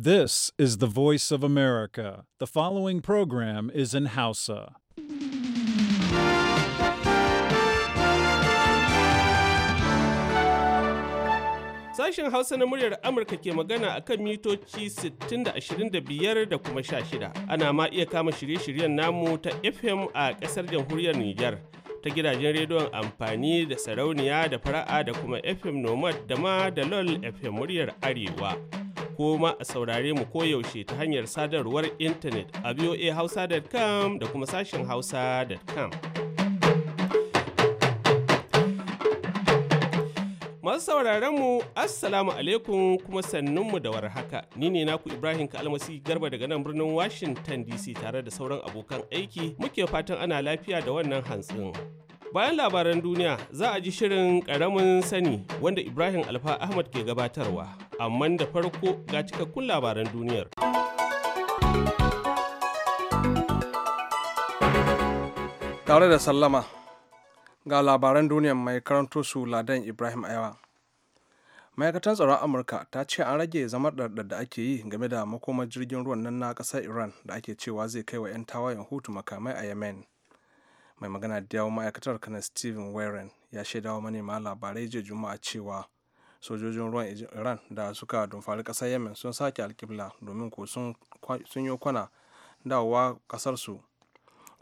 This is the voice of America. The following program is in Hausa. Sashen Hausa na muryar Amurka ke magana a kan mitoci 60-25 da kuma 16. Ana ma iya kama shirye-shiryen namu ta FM a ƙasar jamhuriyar Nijar. ta gidajen rediyon amfani da sarauniya da fara'a da kuma fm nomad da ma da lol fm muryar arewa Koma a saurare mu koyaushe ta hanyar sadarwar intanet a voahausa.com da kuma sashen hausa.com. Masu sauraron mu Assalamu alaikum kuma sannunmu da warhaka. Ni ne naku Ibrahim Kalmasi Garba daga nan birnin Washington DC tare da sauran abokan aiki muke fatan ana lafiya da wannan hantsin. Bayan labaran duniya za a ji shirin ƙaramin sani wanda Ibrahim Alfa Ahmad ke gabatarwa. amma da farko ga cikakkun labaran duniyar. Tare da sallama ga labaran duniyar mai karanto su Ladan Ibrahim Ayawa. ma'aikatar tsaron Amurka ta ce an rage zamar ɗarɗar da ake yi game da makomar jirgin ruwan nan na ƙasar Iran da ake cewa zai kai wa 'yan tawayen hutu makamai a Yemen. Mai magana da yawon ma'aikatar kanan Steven Warren ya shaidawa manema labarai jiya Juma'a cewa sojojin ruwan iran da suka dumfari kasar yemen sun sake alkibla domin ko sun yi kwana dawowa su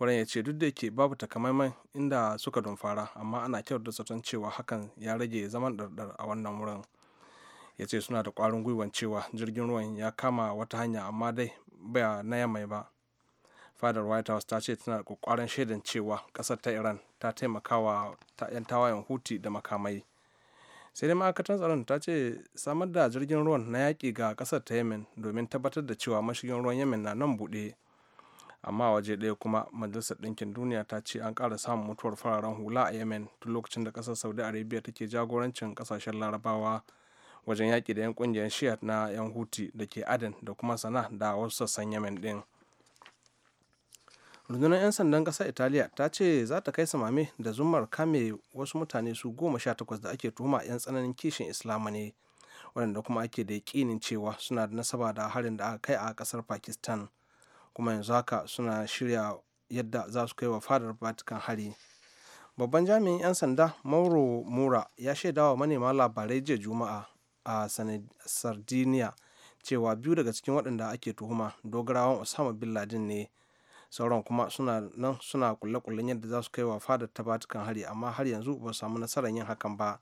wurin ya ce duk da ke babu takamaiman inda suka dumfara amma ana kyau da zaton cewa hakan ya rage zaman ɗarɗar a wannan wurin ya ce suna da ƙwarin gwiwan cewa jirgin ruwan ya kama wata hanya amma dai baya na yamai ba fadar white house ta ce tana da ƙwaƙwaran shaidan cewa ƙasar ta iran ta taimakawa 'yan tawayen huti da makamai sai dai ma'aikatar tsaron ta ce samar da jirgin ruwan na yaƙi ga ƙasar ta yemen domin tabbatar da cewa mashigin ruwan yemen na nan buɗe amma waje ɗaya kuma majalisar ɗinkin duniya ta ce an ƙara samun mutuwar fararen hula a yemen tun lokacin da ƙasar saudi arabia take jagorancin ƙasashen larabawa wajen yaƙi da 'yan ƙungiyar shiat na 'yan huti da ke aden da kuma sana da wasu sassan yemen ɗin rundunar 'yan sandan ƙasar italiya ta ce za ta kai samame da zumar kame wasu mutane su goma sha takwas da ake tuhuma 'yan tsananin kishin islamu ne waɗanda kuma ake da yaƙinin cewa suna da nasaba da harin da aka kai a ƙasar pakistan kuma yanzu haka suna shirya yadda za su kai wa fadar vatican hari babban jami'in 'yan sanda mauro mura ya shaidawa manema labarai jiya juma'a a sardinia cewa biyu daga cikin waɗanda ake tuhuma dogarawan osama bin laden ne sauran kuma suna nan suna kulle-kullen yadda za su kai wa fadar ta batukan hari amma har yanzu ba su samu nasarar yin hakan ba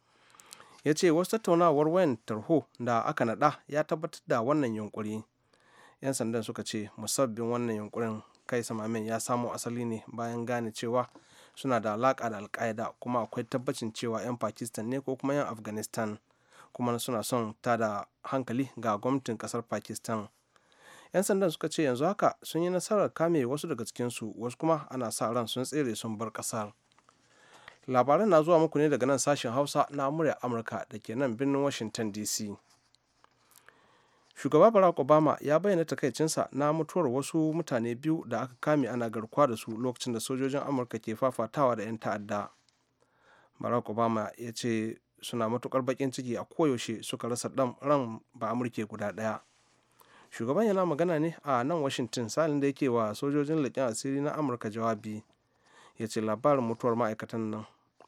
ya ce wasu tattaunawar wayan tarho da aka naɗa ya tabbatar da wannan yunkuri 'yan sandan suka ce musabbin wannan yunkurin kai samamin ya samo asali ne bayan gane cewa suna da alaƙa da alƙaida kuma akwai tabbacin cewa 'yan pakistan ne ko kuma 'yan afghanistan kuma suna son ta da hankali ga gwamnatin ƙasar pakistan 'yan sandan suka ce yanzu haka sun yi nasarar kame wasu daga cikinsu wasu kuma ana sa ran sun tsere sun bar kasar labaran na zuwa muku ne daga nan sashen hausa na murya amurka da ke nan birnin washington dc shugaba barack obama ya bayyana takaicinsa na mutuwar wasu mutane biyu da aka kame ana garkuwa da su lokacin da sojojin amurka ke fafatawa da 'yan ta'adda barack obama ya ce suna matukar bakin ciki a koyaushe suka rasa ran ba amurke guda ɗaya shugaban yana magana ne a nan washington salin da yake wa sojojin leƙen asiri na amurka jawabi ya ce labarin mutuwar ma'aikatan nan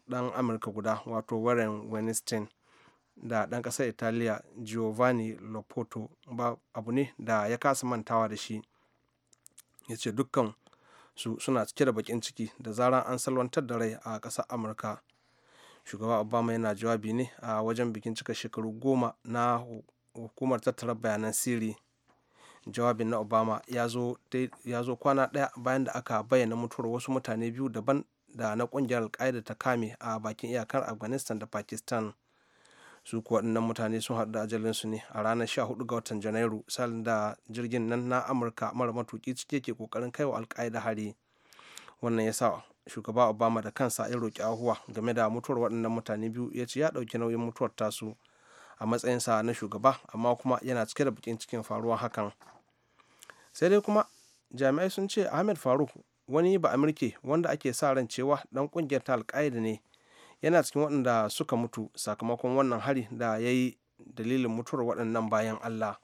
dan amurka guda wato warren weinstein da ɗan ƙasar italiya giovanni lopoto ba abu ne da ya kasa mantawa da shi ya ce dukkan su suna cike da bakin ciki da zaran an salwantar da rai a ƙasar amurka shugaba obama yana jawabi ne a wajen bikin cika shekaru goma na hukumar tattara bayanan siri jawabin na obama ya zo kwana daya bayan da aka bayyana mutuwar wasu mutane biyu daban da na ƙungiyar alkaida ta kame a bakin iyakar afghanistan da pakistan su kuwa waɗannan mutane sun haɗu da su ne a ranar 14 ga watan janairu salin da jirgin nan na amurka mara matuki cike ke ƙoƙarin kaiwa alkaida hari wannan ya sa shugaba obama da kansa ya roƙi ahuwa game da mutuwar waɗannan mutane biyu ya ce ya ɗauki nauyin mutuwar tasu a matsayinsa na shugaba amma kuma yana cike da bakin cikin faruwa hakan sai dai kuma jami'ai sun ce ahmed faruk wani ba amurke wanda ake sa ran cewa dan kungiyar ta alkaida ne yana cikin waɗanda suka mutu sakamakon wannan hari da ya yi dalilin mutuwar waɗannan bayan allah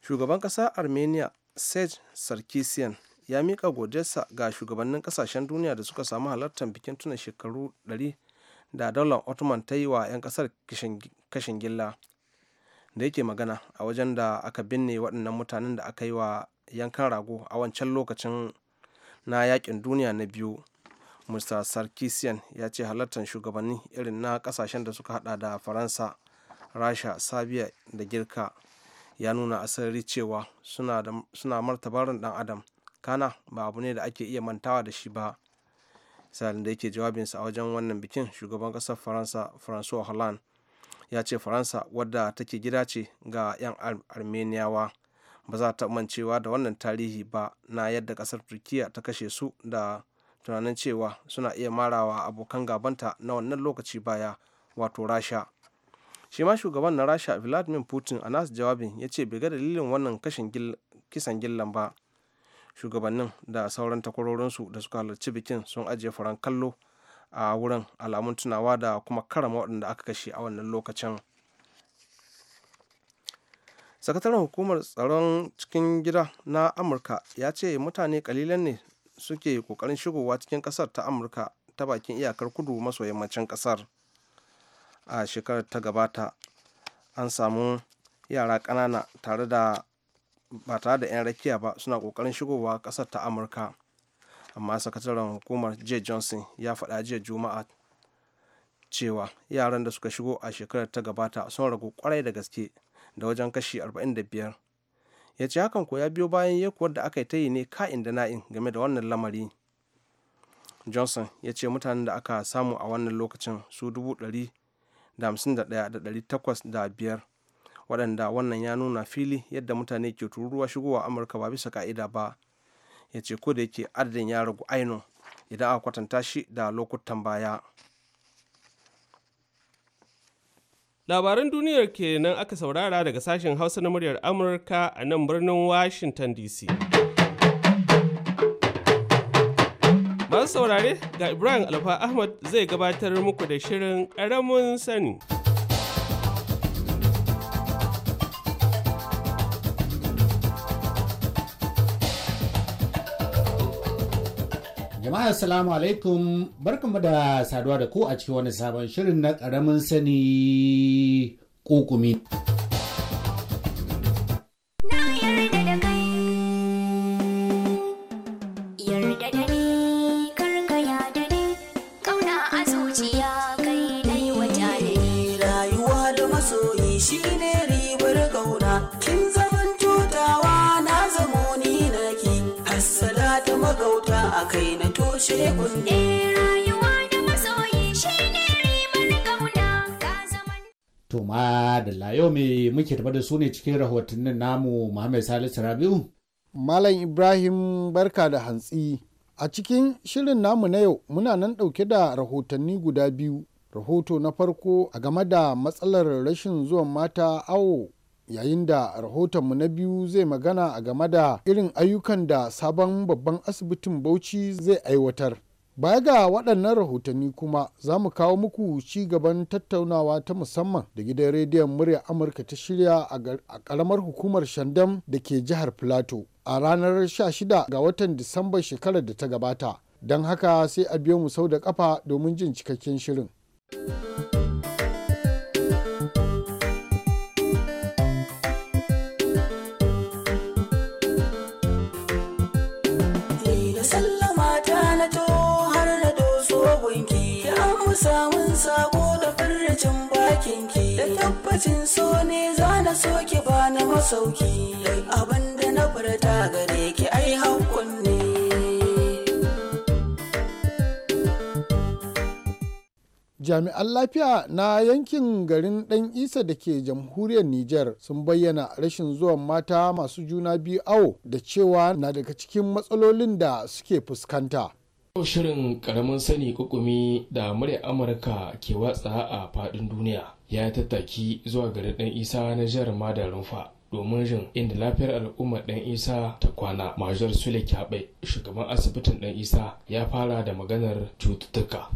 shugaban ƙasa armenia serge sarkisian ya miƙa godiyarsa ga shugabannin ƙasashen duniya da suka samu halartar bikin tuna shekaru 100 da daular ottoman ta yi wa 'yan ƙasar kashin gilla da yake magana a wajen da aka binne waɗannan mutanen da aka yi wa yankan rago a wancan lokacin na yakin duniya na biyu mr sarkisian ya ce halartar shugabanni irin na ƙasashen da suka hada da faransa rasha sabiya da girka ya nuna sarari cewa suna martabarin dan adam kana ba abu ne da ake iya mantawa da shi ba misalin da yake jawabinsa a wajen wannan bikin shugaban ƙasar faransa francois hollande ya ce faransa wadda take gida ce ga 'yan armeniyawa ba za ta mancewa da wannan tarihi ba na yadda kasar turkiya ta kashe su da tunanin cewa suna iya marawa abokan gabanta na wannan lokaci baya wato rasha shi ma shugaban na rasha vladimir putin a nasu jawabin ya ce bai ga dalilin wannan kisan gillan ba shugabannin da sauran takwarorinsu da suka halarci bikin sun ajiye furan kallo a wurin alamun tunawa da kuma karama waɗanda aka kashe a wannan lokacin sakataren hukumar tsaron cikin gida na amurka ya ce mutane kalilan ne suke kokarin shigowa cikin kasar ta amurka ta bakin iyakar kudu maso yammacin kasar a shekarar ta gabata an samu yara ƙanana tare da ba tare da 'yan rakiya ba suna kokarin shigowa kasar ta amurka amma sakataren hukumar j johnson ya faɗa jiya juma'a cewa yaran da suka shigo a shekarar ta gabata sun ragu kwarai da gaske da wajen kashi 45 ya ce hakan ko ya biyo bayan yakuwar da aka yi ta yi ne ka'in da na'in game da wannan lamari johnson ya ce mutanen da aka samu a wannan lokacin su biyar waɗanda wannan ya nuna fili yadda mutane ke tururuwa shigowa amurka ba bisa ka'ida ba ya ce ko da yake adadin ya ragu Aino idan aka kwatanta shi da lokutan baya labaran duniyar kenan aka saurara daga sashen hausa na muryar amurka a nan birnin washington dc masu saurare ga ibrahim alfa ahmad zai gabatar muku da shirin karamin sani Jama'a assalamu alaikum barkamu da saduwa da ku a cikin wani sabon shirin na ƙaramin sani kokumi. muke tafa da su ne cikin rahotannin namu Muhammad Salisu Rabiu. Malam Ibrahim barka da hantsi. A cikin shirin namu na yau muna nan ɗauke da rahotanni guda biyu. Rahoto na farko a game da matsalar rashin zuwan mata awo yayin da rahotonmu na biyu zai magana a game da irin ayyukan da sabon babban asibitin Bauchi zai aiwatar. Baya ga waɗannan rahotanni kuma za mu kawo muku ci gaban tattaunawa ta musamman da gidan rediyon murya Amurka ta shirya a ƙaramar hukumar Shandam da ke jihar Filato a ranar 16 ga watan Disambar shekarar da ta gabata. Don haka sai a biyo mu sau da ƙafa domin jin cikakken shirin. kinki da tabbacin so ne zana na so ki bani masauki abinda na furta gare ki ai haukun ne jami'an lafiya na yankin garin ɗan isa da ke jamhuriyar niger sun bayyana rashin zuwan mata masu juna biyu awo da cewa na daga cikin matsalolin da suke fuskanta yau Shirin karamin sani kukumi da murya Amurka ke watsa a fadin duniya ya tattaki zuwa garin dan isa na jihar Madarunfa domin jin inda lafiyar al'ummar dan isa ta kwana. Majar Sule Kyaɓe shugaban asibitin dan isa ya fara da maganar cututtuka.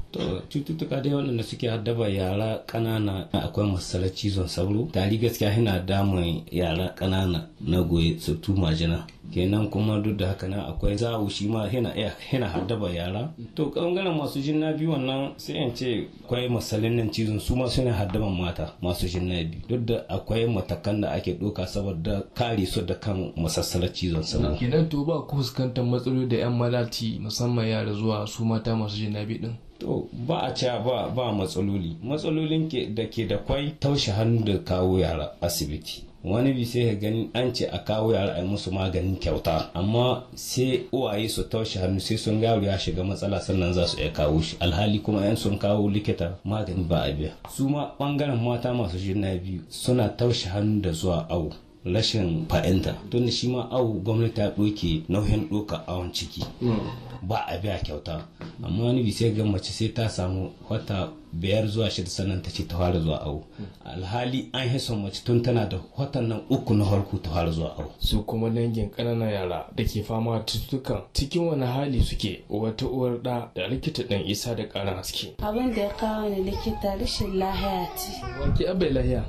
cututtuka dai waɗanda suke haddaba yara ƙanana akwai masarar cizon sauro. Tari gaskiya yana damun yara ƙanana na goye surtu majina. kenan kuma duk da haka nan akwai zawo shi ma yana haddaba yara to bangaren masu jinna biyu wannan sai in ce akwai masalin nan cizon su ma suna haddaban mata masu jinna biyu duk da akwai matakan da ake doka saboda kare su da kan masassalar cizon sama kenan to ba ku fuskantar matsaloli da yan malati musamman yara zuwa su mata masu jinna biyu din to ba a ce ba ba matsaloli matsalolin da ke da kwai taushe hannu da kawo yara asibiti wani bi sai ka gani an ce a kawo yara a musu maganin kyauta amma sai uwaye su taushe hannu sai sun ga ya shiga matsala sannan za su iya kawo shi alhali kuma yan sun kawo likita magani ba a biya su ma bangaren mata masu juna biyu suna taushe hannu da zuwa awo rashin fa'inta don shi ma awo gwamnati ta ɗoke nauyin ɗoka awon ciki hmm. ba a biya kyauta amma wani bisa ga mace sai ta samu wata biyar zuwa shida sannan ta ce ta fara zuwa awo alhali an hison mace tun tana da watan nan uku na harku ta fara zuwa awo su kuma dangin ƙananan yara da ke fama cututtukan cikin wani hali suke wata uwar da da likita dan isa da karan haske abin da ya kawo ni likita rashin lahiya ce wanke abai lahiya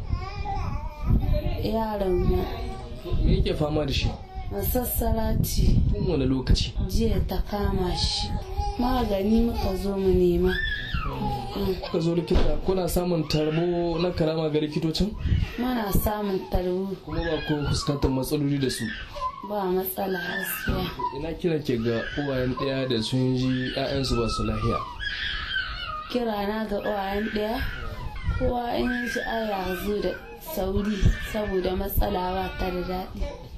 yaron me yake fama da shi masassalati tun wani lokaci jiya ta kama shi magani muka zo mu nema kuka zo likita kuna samun tarbo na karama ga likitocin muna samun tarbo kuma ba ku fuskantar matsaloli da su ba matsala gaskiya ina kira ke ga uwayen ɗaya da sun ji 'ya'yansu ba su lahiya kira na ga uwayen ɗaya kowa in ji aya zo da sauri saboda matsala ba ta da daɗi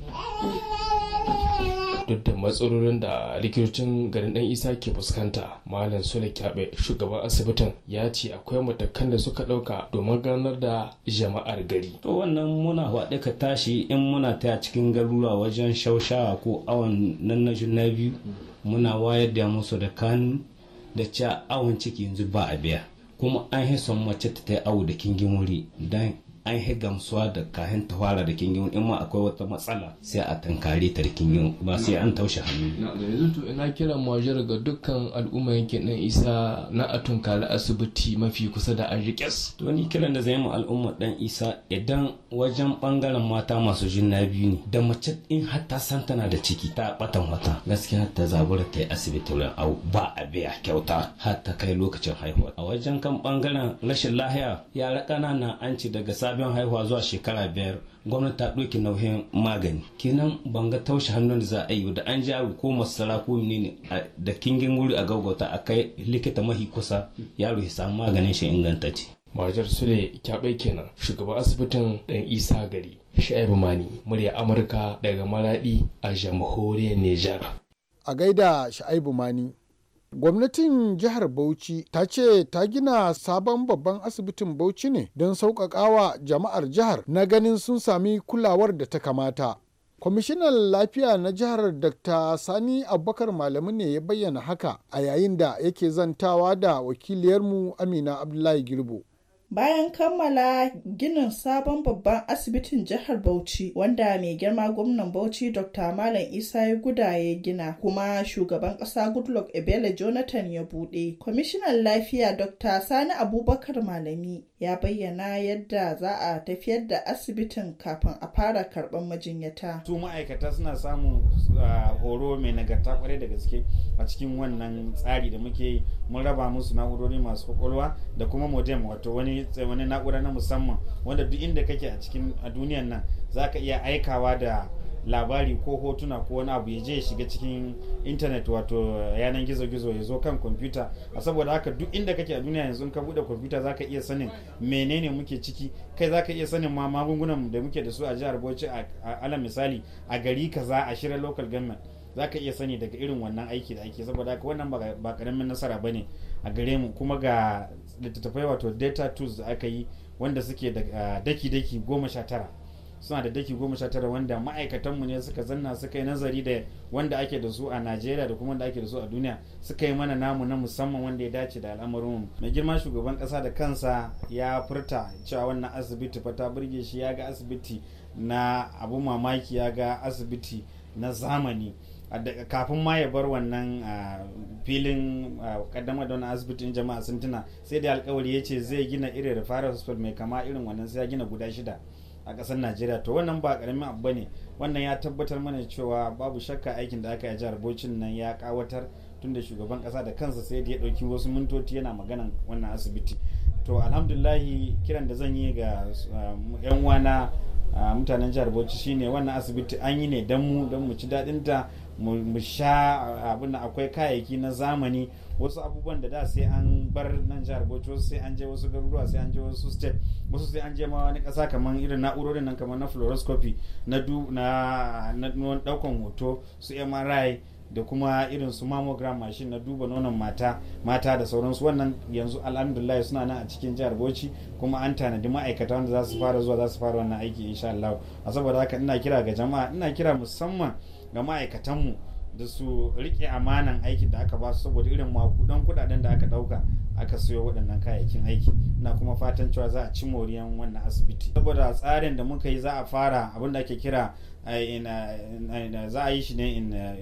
duk da matsalolin da likitocin garin dan isa ke fuskanta malam sule kyabe shugaban asibitin ya ce akwai matakan da suka dauka domin ganar da jama'ar gari to wannan muna waɗe ka tashi in muna ta cikin garura wajen shaushawa ko awon nan na juna biyu muna wayar da musu da kan da cewa awon ciki yanzu ba a biya kuma an yi mace ta ta awo da kingin wuri dan an yi gamsuwa da kahin tawara fara da kingiyon in ma akwai wata matsala sai a tankare ta da kingiyon ba sai an taushe hannu yanzu to ina kiran mawajar ga dukkan al'umma yankin dan isa na a tunkari asibiti mafi kusa da an riƙes to ni kiran da zai mu al'umma dan isa idan wajen bangaren mata masu juna biyu ne da mace in har ta san tana da ciki ta batan wata gaskiya ta zabura ta yi asibiti wurin au ba a biya kyauta har ta kai lokacin haihuwa a wajen kan bangaren rashin lahiya yara ƙanana an ci daga sa sabon haihuwa zuwa shekara biyar gwamnati ta ɗauki nauyin magani kenan ban ga taushe hannun da za a yi da an jaru ko masara ko ne da kingin wuri a gaugauta a kai likita mahi kusa yaro ya samu maganin shi ingantacce majar sule kyaɓe kenan shugaban asibitin ɗan isa gari sha'ibu mani murya amurka daga maraɗi a jamhuriyar nijar a gaida sha'ibu mani Gwamnatin jihar Bauchi ta ce ta gina sabon babban asibitin Bauchi ne don sauƙaƙawa jama'ar jihar na ganin sun sami kulawar da ta kamata. kwamishinan lafiya na jihar dr sani abubakar malami ne ya bayyana haka a yayin da yake zantawa da wakiliyarmu amina abdullahi girbo Bayan kammala ginin sabon babban asibitin jihar Bauchi wanda mai girma gwamnan Bauchi Dr. Malam Isa ya guda ya gina kuma shugaban ƙasa Goodluck Ebele Jonathan ya buɗe. Kwamishinan lafiya Dr. Sani Abubakar Malami ya bayyana yadda za a tafiyar da asibitin kafin a fara karɓar majinyata. su ma'aikata suna samun ah, horo mai nagarta kwarai da gaske a cikin wannan tsari da muke yi mun raba musu na'urori masu kwakwalwa da kuma modem wato wani wani na'ura na musamman wanda duk inda kake a cikin duniyan nan za ka iya aikawa da labari ko hotuna ko wani abu ya je ya shiga cikin intanet wato eh, yanan gizo-gizo ya zo kan kwamfuta a saboda haka duk inda kake a duniya yanzu ka bude kwamfuta zaka iya sanin menene muke ciki kai zaka iya sanin ma magungunan da muke da su a jihar Bauchi a ala misali a gari kaza a shirin local government zaka iya sani daga irin wannan aiki da ake saboda haka wannan ba karamin nasara bane a gare mu kuma ga littattafai wato data tools da aka yi wanda suke eh, daki-daki goma sha tara suna da daki goma sha tara wanda ma'aikatanmu ne suka zanna suka yi nazari da wanda ake da su a najeriya da kuma wanda ake da su a duniya suka yi mana namu na musamman wanda ya dace da al'amarinmu mai girma shugaban kasa da kansa ya furta cewa wannan asibiti fa ta burge shi ya ga asibiti na abu mamaki ya ga asibiti na zamani kafin ma ya bar wannan filin kaddama da wani asibitin jama'a sun tuna sai da alkawari ya ce zai gina irin fara hospital mai kama irin wannan sai ya gina guda shida a ƙasar najeriya to wannan ba ƙaramin abu ne wannan ya tabbatar mana cewa babu shakka aikin da aka yi jihar bocin nan ya ƙawatar tunda shugaban ƙasa da kansa sai da ya ɗauki wasu mintoci yana maganan wannan asibiti to alhamdulahi kiran da zan yi ga yan ah, uwana ah, mutanen jihar bauchi shine wannan asibiti an yi ne don mu don mu ci daɗin ta mu sha abin da akwai kayayyaki na zamani wasu abubuwan da da sai an bar nan jihar bauchi wasu sai an je wasu garuruwa sai an je wasu state wasu sai an je ma wani kasa kamar irin na'urorin nan kamar na fluoroscopy na daukan hoto su mri da kuma irin su mammogram machine na duba nonon mata mata da sauransu wannan yanzu alhamdulillah suna nan a cikin jihar Bauchi kuma an tanadi ma'aikata wanda za su fara zuwa za su fara wannan aiki insha Allah saboda haka ina kira ga jama'a ina kira musamman ga ma'aikatanmu da su rike amanan aikin da aka ba su saboda irin makudan kudaden da aka dauka aka siyo waɗannan kayayyakin aiki na kuma fatan cewa za a ci moriyan wannan asibiti saboda tsarin da muka yi za a fara abin da ake kira eh, eh, eh, za a yi shi ne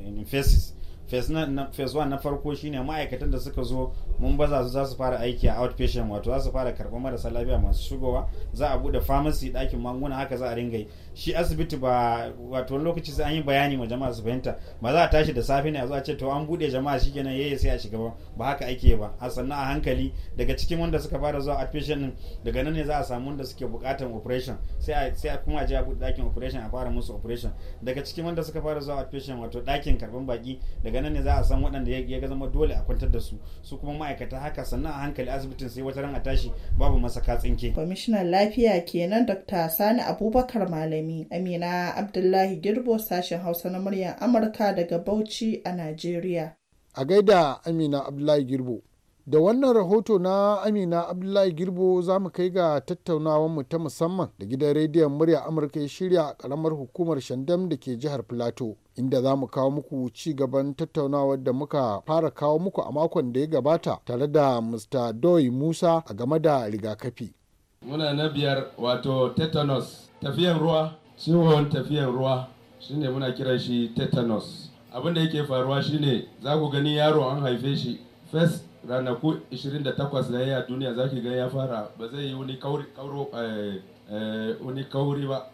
in phases phase 1 na farko shine ma'aikatan da suka zo mun baza su za su fara aiki a outpatient wato za su fara karɓar marasa lafiya masu shigowa za a bude pharmacy ɗakin magunguna haka za a ringa yi shi asibiti ba wato lokaci sai an yi bayani ma jama'a su fahimta ba za a tashi da safe ne a zo a ce to an bude jama'a shi kenan yayi sai a shiga ba ba haka ake ba a sannan a hankali daga cikin wanda suka fara zuwa outpatient din daga nan ne za a samu wanda suke bukatan operation sai a sai kuma a je a bude dakin operation a fara musu operation daga cikin wanda suka fara zuwa outpatient wato dakin karban baki daga nan ne za a san waɗanda ya ga zama dole a kwantar da su su kuma ma'aikata haka sannan a hankali asibitin sai wata ran a tashi babu masaka tsinke kwamishinan lafiya kenan dr sani abubakar malami Amina Abdullahi Girbo sashen Hausa na muryar Amurka daga Bauchi a Najeriya. A gaida Amina Abdullahi Girbo. Da wannan rahoto na Amina Abdullahi Girbo za mu kai ga tattaunawarmu ta musamman da gidan rediyon murya Amurka ya shirya a ƙaramar hukumar Shandam da ke jihar Filato, inda za mu kawo muku ci gaban tattaunawar da muka fara kawo muku a makon da ya gabata tare da Mr. Doi Musa a game da rigakafi. Muna na biyar wato tetanus, tafiyan ruwa ciwon tafiyar ruwa shine muna kiran shi tetanus abin da yake faruwa shine za ku gani yaro an haife shi first ranaku 28 da ya duniya za ki ga ya fara ba zai yi eh, eh, wani kauri, ba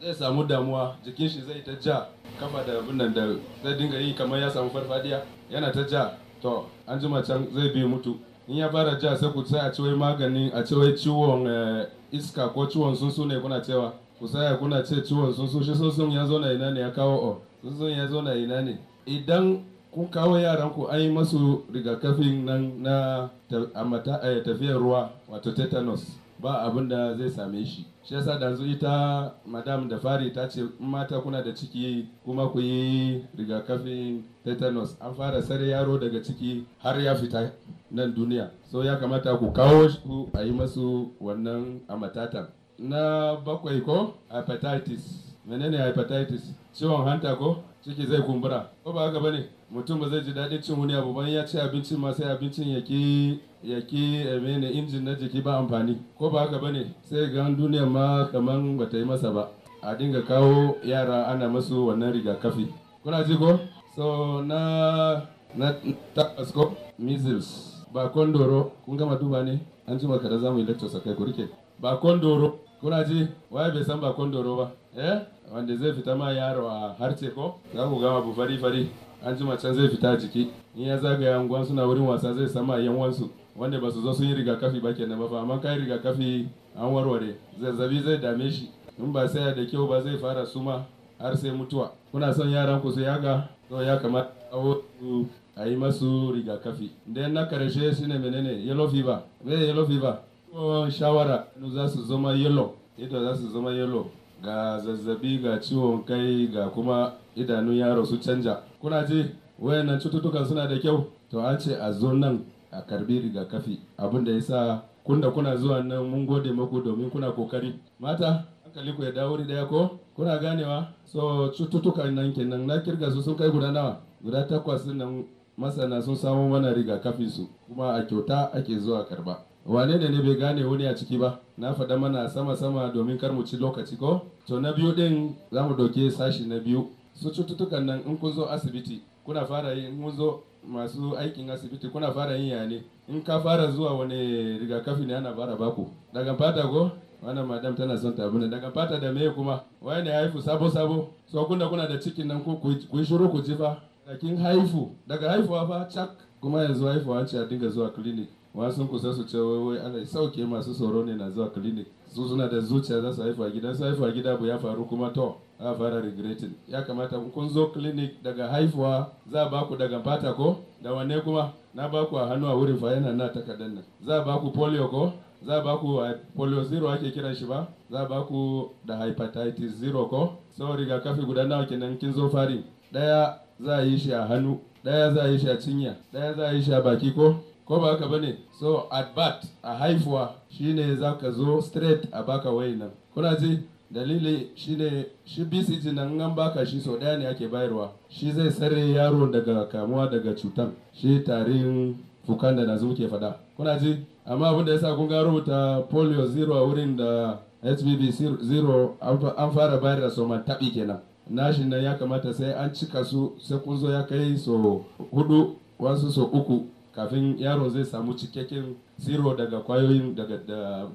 zai samu damuwa jikin shi zai ta ja kafa da abin nan da zai dinga yi kamar ya samu farfadiya yana ta ja to an jima can zai bi mutu in ya fara ja sai ku sai a ciwon eh, iska ko ciwon sunsu ne kuna cewa kusaya saya kuna ce ciwon soso shi ya zo na ina ne ya kawo on soson ya zo na ina ne idan kun kawo yaran ku an yi masu rigakafin nan na eh, tafiyar ruwa wato tetanus ba abin da zai same shi shi yasa da yanzu ita madam da fari ta ce mata kuna da ciki kuma ku yi rigakafin tetanus an fara sare yaro daga ciki har ya fita nan duniya so ya kamata ku kawo shi a yi masu wannan amatatan na bakwai ko hepatitis menene hepatitis ciwon hanta ko ciki zai kumbura ko ba haka bane mutum ba zai ji daɗin cin wani abu bayan ya ci abincin ma sai abincin ya ki ya ki eh, mene injin na jiki ba amfani ko ba haka bane sai ga duniya ma kaman bata yi masa ba a dinga kawo yara ana masu wannan rigakafi kuna ji ko so na na tapas ko measles ba kondoro kun gama duba ne an ji maka da zamu yi lecture sakai ku rike ba kondoro kuna ji waye bai san bakon doro ba eh wanda zai fita ma yaro a harce ko za ku gama bu fari fari an ji can zai fita jiki in ya zagaya unguwan suna wurin wasa zai sama yan wansu wanda ba su zo sun yi rigakafi ba kenan ba fa amma kai rigakafi an warware zazzabi zai dame shi in ba sai da kyau ba zai fara suma har sai mutuwa kuna son yaran ku su yaga to ya kamata a yi masu rigakafi da na karshe shine menene yellow fever me yellow fever shawara za su zama yellow ita za su zama yellow ga zazzabi ga ciwon kai ga kuma idanun yaro su canja kuna ji wayannan cututtukan suna da kyau to an ce a zo nan a karbi rigakafi abin da yasa kun da kuna zuwa nan mun gode muku domin kuna kokari mata hankali ku ya dawo wuri daya ko kuna ganewa so cututtukan nan kenan na kirga su sun kai guda nawa guda takwas nan masana sun samo mana rigakafin su kuma a kyauta ake zuwa karba wane ne ne bai gane wani a ciki ba na faɗa mana sama-sama domin kar mu ci lokaci ko to na biyu din za mu ɗauke sashi na biyu su cututtukan nan in kun zo asibiti kuna fara in kun zo masu aikin asibiti kuna fara yin yane in ka fara zuwa wani rigakafi ne ana fara baku daga fata ko wannan madam tana son ta abuna daga fata da meye kuma Wai ne haifu sabo sabo so kuna kuna da cikin nan ko ku yi shiru ku ji fa kin haifu daga haifuwa fa cak kuma yanzu haifuwa ce a dinga zuwa clinic ma sun kusa su ce wai wai ana sauke masu tsoro ne na zuwa clinic su suna da zuciya za su haifa gida su haifa gida bu ya faru kuma to a fara regretting ya kamata kun zo clinic daga haifuwa za ba ku daga fata ko da wanne kuma na ba ku a hannu a wurin fayana na takardar nan za ba ku polio ko za ba ku polio zero ake kiran shi ba za ba ku da hepatitis zero ko so rigakafi guda nawa kenan kin zo fari daya za a yi shi a hannu daya za a yi shi a cinya daya za a yi shi a baki ko ko ba haka bane so at bat a haifuwa shine za ka zo straight a baka nan kuna ji dalili shine shi bcg nan an baka shi sau daya ne ake bayarwa shi zai sare yaro daga kamuwa daga cutan shi tarin fukan da nazu ke fada kuna ji amma abin da yasa kun ga rubuta polio zero a wurin da hbb zero an fara bayar da soman tabi kenan nashin nan ya kamata sai an cika su sai kun zo ya kai so hudu wasu so uku kafin yaro zai samu cikakken siro daga kwayoyin daga,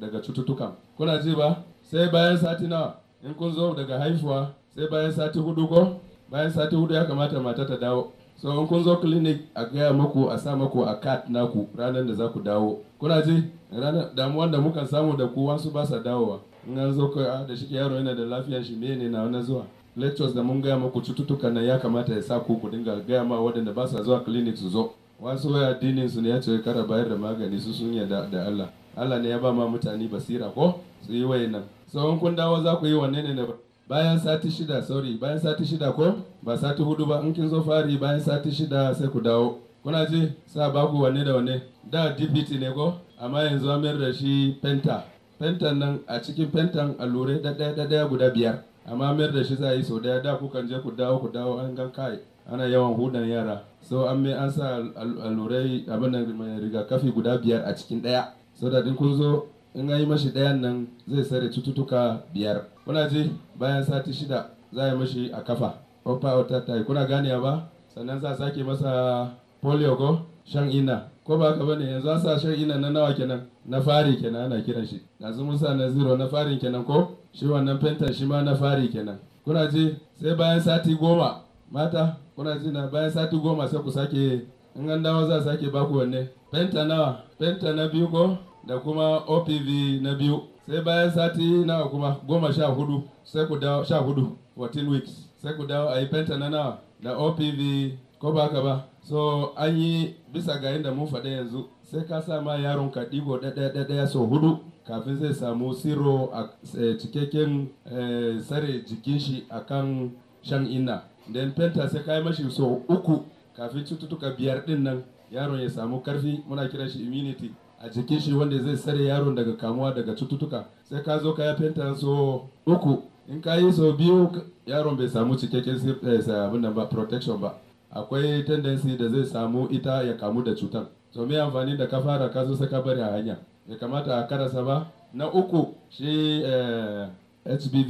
daga cututtuka kuna ji ba sai bayan sati nawa in kun zo daga haifuwa sai bayan sati hudu ko bayan sati hudu ya kamata mata ta dawo so in kun zo clinic a gaya maku a sa maku a cat naku ranar da za ku dawo kuna ji ranar damuwan da mukan samu da ku wasu ba sa dawowa in an zo ka ah, da shi yaro yana da lafiyar shi ne na wani zuwa lectures da mun gaya maku cututtukan nan ya kamata ya sa ku ku dinga gaya ma waɗanda ba sa zuwa clinic su zo wasu wai addinin su ne ya ce kada bayar da magani su sun yarda da Allah Allah ne ya ba ma mutane basira ko su yi wayan nan sauran kun dawo za ku yi wanne ne bayan sati shida sauri bayan sati shida ko ba sati hudu ba in kin zo fari bayan sati shida sai ku dawo kuna ji sa baku ku wanne da wanne da DPT ne ko amma yanzu an da shi penta pentan nan a cikin pentan allurai da ɗaya guda biyar amma mayar da shi za a yi sau daya da kukan je ku dawo ku dawo an gan kai ana yawan hudan yara so an mai an sa allurai abin da mai rigakafi guda biyar a cikin ɗaya so da kun zo in an yi mashi ɗayan nan zai sare cututtuka biyar kuna ji bayan sati shida za a yi mashi a kafa opa wata tai kuna gane ba sannan za a sake masa polio ko shan ina ko ba ka bane yanzu an sa shan ina na nawa kenan na fari kenan ana kiran shi yanzu mun sa na zero na farin kenan ko shi wannan fentan shi ma na fari kenan kuna ji sai bayan sati goma mata kuna jina bayan sati goma sai ku sake in an dawo za a sake baku wanne penta nawa penta na biyu ko da kuma opv na biyu sai bayan sati nawa kuma goma sha hudu sai ku dawo sha hudu 14 weeks sai ku dawo a yi penta na nawa da opv ko ba ka ba so an yi bisa ga yadda mun faɗa yanzu sai ka sa ma yaron ka ɗigo ɗaya so hudu kafin zai samu siro a eh, cikakken eh, sare jikin shi akan shan inna don fenta sai kayi mashi so uku kafin cututtuka biyar din nan yaron ya samu karfi muna kiran shi immunity a jikin shi wanda zai tsare yaron daga kamuwa daga cututtuka sai ka zo kaya fenta so uku in ka yi so biyu yaron bai samu cikakken eh, abin nan ba protection ba akwai tendency da zai samu ita ya kamu da cutar so me amfani da ka fara ka zo sai ka bari a hanya ya kamata a karasa ba na uku shi eh, hbv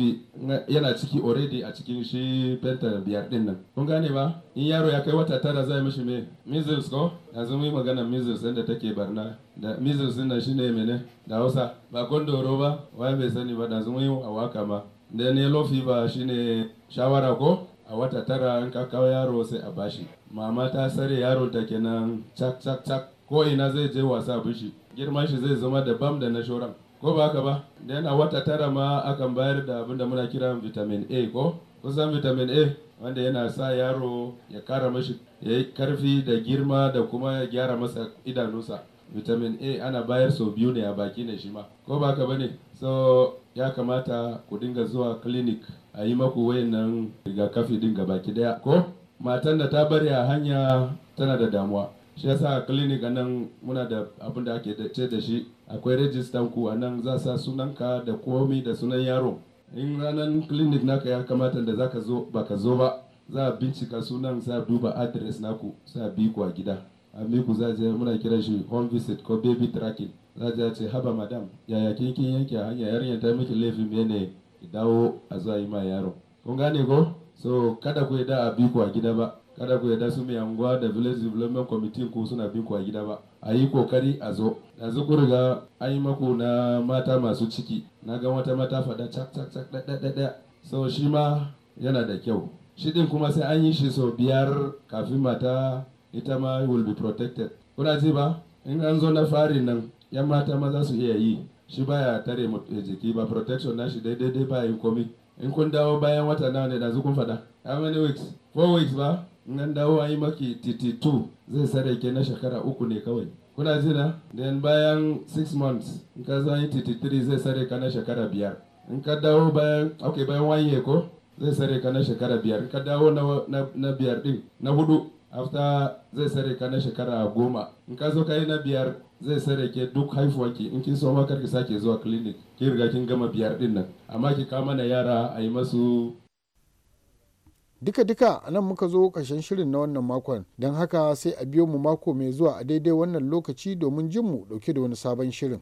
yana ciki already a cikin shi penta biyar din nan kun gane ba in yaro ya kai wata tara zai mishi me measles ko yanzu mu yi magana measles inda take barna da measles din nan shine mene da hausa ba gondoro ba wai bai sani ba da zan yi a waka ba. da ne lofi ba shine shawara ko a wata tara in ka kawo yaro sai a bashi mama ta sare yaro ta kenan cak cak cak ko ina zai je wasa bishi girman shi zai zama da bam da na shoran ko ba haka ba dan a wata tara ma akan bayar da abinda muna kira vitamin A ko kusan vitamin A wanda yana sa yaro ya kara mashi ya yi karfi da girma da kuma ya gyara masa idanunsa vitamin A ana bayar sau biyu ne a baki ne shi ma ko ba haka bane so ya kamata ku dinga zuwa clinic a yi maku wayannan rigakafi kafi dinga baki daya ko matan da ta bari a hanya tana da damuwa shi yasa clinic a nan muna da abin da ake dace da shi akwai rajistan ku a nan za sa sunanka da komi da sunan yaro in ranar clinic naka ya kamata da zaka zo baka zo ba za a bincika sunan a duba address naku a bi ku a gida a ku za je muna kiran shi home visit ko baby tracking za je ce haba madam yaya kin kin yanke hanya yarinyar ta miki laifin mene ki dawo a zuwa yi ma yaro kun gane ko so kada ku yi da a bi ku a gida ba kada ku yarda su mai anguwa da village development committee ku suna bin ku a gida ba a yi kokari a zo yanzu ku riga an yi mako na mata masu ciki na ga wata mata faɗa cak cak cak da. so shi ma yana da kyau shi din kuma sai an yi shi sau biyar kafin mata ita ma will be protected kuna ji ba in an zo na farin nan yan mata ma za su iya yi shi baya tare eh, jiki ba protection na shi daidai ba yi komi in kun dawo bayan wata nawa ne da zukun faɗa how many weeks four weeks ba nan dawo an yi maki tititu zai sarake na shekara uku ne kawai kuna ji na then bayan 6 months in ka zo titi yi zai sare ka na shekara biyar in ka dawo bayan ok bayan wanye ko zai sare ka na shekara biyar in ka dawo na, biyar din na hudu after zai sare ka na shekara goma in ka zo ka yi na biyar zai sare ke duk haifuwanki in kin so ma kar ki sake zuwa clinic kin riga kin gama biyar din nan amma ki kama na yara a yi masu Duka-duka a nan muka zo ƙarshen shirin na wannan makon, don haka sai a biyo mu mako mai zuwa a daidai wannan lokaci domin jinmu mu ɗauke da wani sabon shirin.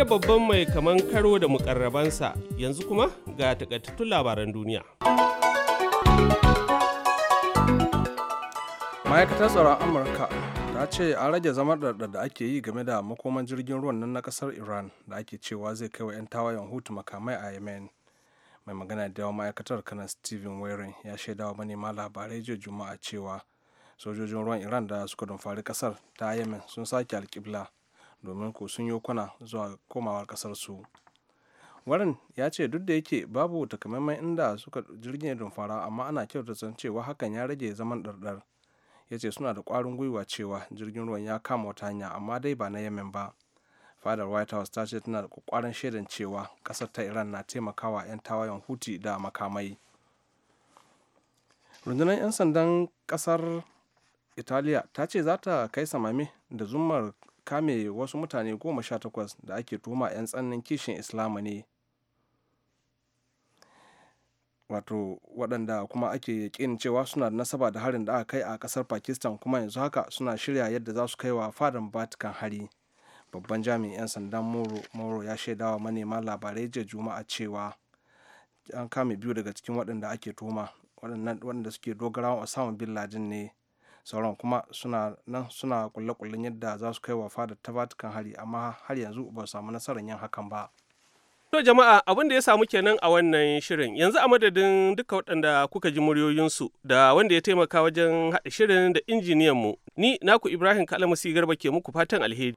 da babban mai kaman karo da mukarrabansa yanzu kuma ga takaitattun labaran duniya. Ma'aikatar tsaron Amurka ta ce an rage zamar da ake yi game da makoman jirgin ruwan nan na kasar Iran da ake cewa zai kai wa 'yan tawayen hutu makamai a Yemen. Mai magana da yawan ma'aikatar kanan Steven warren ya shaidawa manema labarai jiya Juma'a cewa sojojin ruwan Iran da suka dumfari kasar ta Yemen sun sake alkibla domin ko sun yi kwana zuwa komawa ƙasarsu warren ya ce duk da yake babu takamaiman inda suka jirgin fara amma ana san cewa hakan ya rage zaman ɗarɗar ya ce suna da kwarin gwiwa cewa jirgin ruwan ya kama wata hanya amma dai ba na yemen ba fadar white house ta ce tana da ƙwaƙwaran shaidan cewa ƙasar ta iran na taimakawa 'yan tawayen huti da makamai rundunar 'yan sandan ƙasar italiya ta ce za ta kai samami da zumar kame wasu mutane goma sha takwas da ake tuhuma 'yan tsananin kishin islamu ne wato waɗanda kuma ake yakin cewa suna da nasaba da harin da aka kai a ƙasar pakistan kuma yanzu haka suna shirya yadda za su kai wa fadan vatican hari babban jami'in 'yan sandan moro moro ya shaidawa manema labarai jiya juma'a cewa an kame biyu daga cikin waɗanda ake tuhuma waɗanda suke dogara wa osama bin laden ne sauran kuma suna nan suna kulle-kullen yadda za su kai wa fadar ta vatican hari amma har yanzu ba su samu nasarar yin hakan ba To jama'a abin da ya samu kenan a wannan shirin yanzu a madadin duka waɗanda kuka ji muryoyinsu da wanda ya taimaka wajen haɗa shirin da injiniyan mu ni naku Ibrahim Kalamusi Garba ke muku fatan alheri.